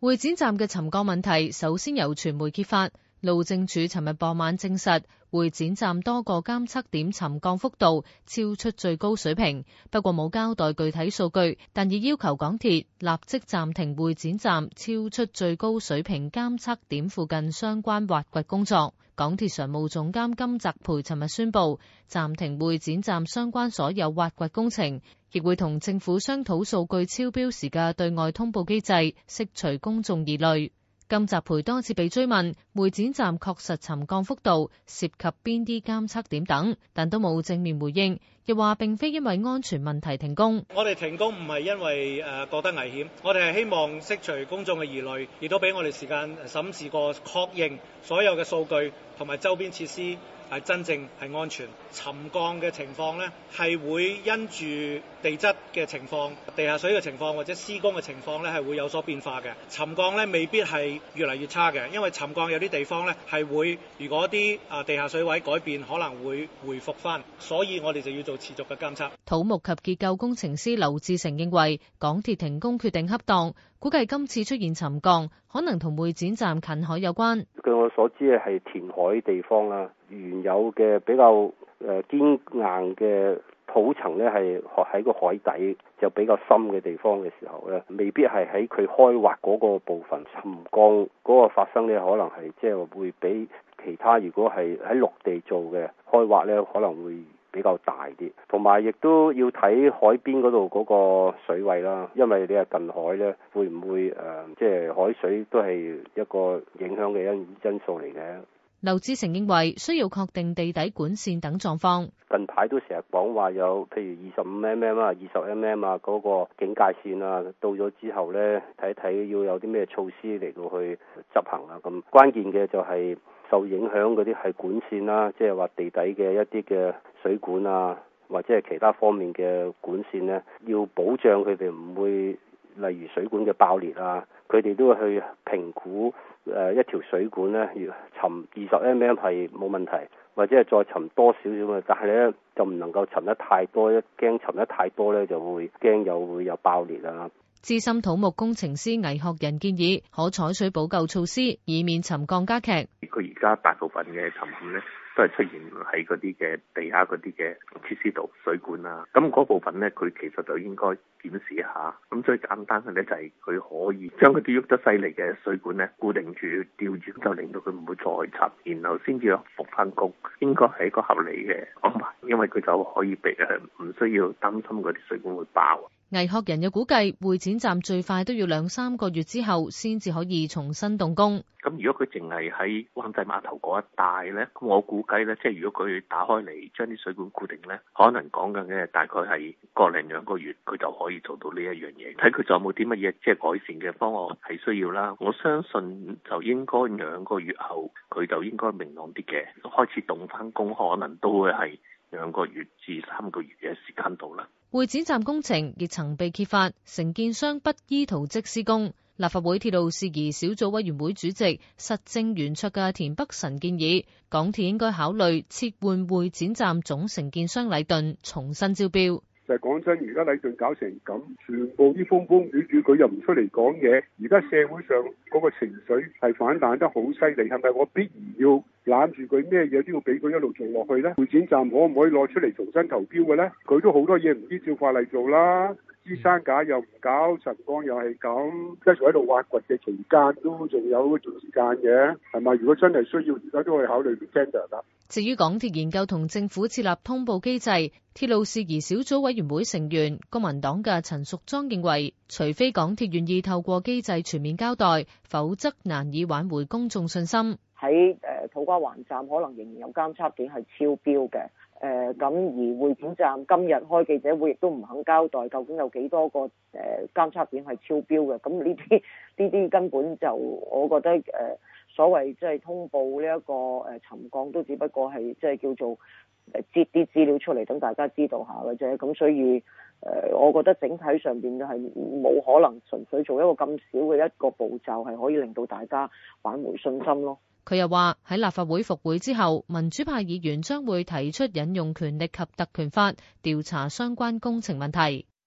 會展站嘅沉降問題，首先由傳媒揭發。路政署尋日傍晚證實，會展站多個監測點沉降幅度超出最高水平，不過冇交代具體數據，但已要求港鐵立即暫停會展站超出最高水平監測點附近相關挖掘工作。港鐵常務總監金澤培尋日宣布，暫停會展站相關所有挖掘工程，亦會同政府商討數據超標時嘅對外通報機制，釋除公眾疑慮。金澤培多次被追問，會展站確實沉降幅度涉及邊啲監測點等，但都冇正面回應，又話並非因為安全問題停工。我哋停工唔係因為誒覺得危險，我哋係希望釋除公眾嘅疑慮，亦都俾我哋時間審視過確認所有嘅數據同埋周邊設施係真正係安全。沉降嘅情況咧係會因住地質嘅情況、地下水嘅情況或者施工嘅情況咧係會有所變化嘅。沉降咧未必係。越嚟越差嘅，因為沉降有啲地方咧，係會如果啲啊地下水位改變可能會回復翻，所以我哋就要做持續嘅監測。土木及結構工程師劉志成認為，港鐵停工決定恰當，估計今次出現沉降，可能同會展站近海有關。據我所知係填海地方啊，原有嘅比較誒堅硬嘅。土層咧係學喺個海底就比較深嘅地方嘅時候咧，未必係喺佢開挖嗰個部分沉降嗰個發生咧，可能係即係會比其他如果係喺陸地做嘅開挖咧，可能會比較大啲。同埋亦都要睇海邊嗰度嗰個水位啦，因為你係近海咧，會唔會誒即係海水都係一個影響嘅因因素嚟嘅。劉志成認為需要確定地底管線等狀況。近排都成日講話有，譬如二十五 mm 啊、二十 mm 啊，嗰個警戒線啊，到咗之後咧，睇一睇要有啲咩措施嚟到去執行啊。咁關鍵嘅就係受影響嗰啲係管線啦，即係話地底嘅一啲嘅水管啊，或者係其他方面嘅管線咧，要保障佢哋唔會例如水管嘅爆裂啊。佢哋都會去評估誒、呃、一條水管咧，沉二十 mm 係冇問題，或者係再沉多少少嘅，但係咧就唔能夠沉得太多，一驚沉得太多咧就會驚有會有爆裂啊。資深土木工程師魏學仁建議可採取補救措施，以免沉降加劇。佢而家大部分嘅沉陷咧。都係出現喺嗰啲嘅地下嗰啲嘅設施度水管啊，咁嗰部分咧，佢其實就應該檢視一下。咁最簡單嘅咧就係、是、佢可以將嗰啲喐得犀利嘅水管咧固定住、吊住，就令到佢唔會再插，然後先至復返工，應該係一個合理嘅安排，因為佢就可以避唔需要擔心嗰啲水管會爆。危學人嘅估計，會展站最快都要兩三個月之後先至可以重新動工。咁如果佢淨係喺灣仔碼頭嗰一帶呢，咁我估計呢，即係如果佢打開嚟，將啲水管固定呢，可能講緊嘅大概係個零兩個月，佢就可以做到呢一樣嘢。睇佢仲有冇啲乜嘢，即係改善嘅方案係需要啦。我相信就應該兩個月後，佢就應該明朗啲嘅，開始動翻工，可能都會係兩個月至三個月。會展站工程亦曾被揭發，承建商不依圖則施工。立法會鐵路事宜小組委員會主席、實政圓桌嘅田北辰建議，港鐵應該考慮撤換會展站總承建商禮頓，重新招標。就係講真，而家禮頓搞成咁，全部啲風風雨雨，佢又唔出嚟講嘢。而家社會上嗰個情緒係反彈得好犀利，係咪我必然要攬住佢咩嘢都要俾佢一路做落去呢？會展站可唔可以攞出嚟重新投標嘅呢？佢都好多嘢唔知照法例做啦。啲山架又唔搞，晨光又係咁，即係喺度挖掘嘅期間都仲有時間嘅，係咪？如果真係需要，而家都係考慮變相噶。至於港鐵研究同政府設立通報機制，鐵路事宜小組委員會成員公民黨嘅陳淑莊認為，除非港鐵願意透過機制全面交代，否則難以挽回公眾信心。喺誒土瓜灣站，可能仍然有監測點係超標嘅。誒咁、呃、而會展站今日開記者會，亦都唔肯交代究竟有幾多個誒、呃、監測點係超標嘅。咁呢啲呢啲根本就我覺得誒、呃、所謂即係通報呢、這、一個誒、呃、沉降都只不過係即係叫做誒截啲資料出嚟，等大家知道下嘅啫。咁、呃、所以誒、呃，我覺得整體上面係冇可能純粹做一個咁少嘅一個步驟，係可以令到大家挽回信心咯。佢又話喺立法會復會之後，民主派議員將會提出引用權力及特權法調查相關工程問題。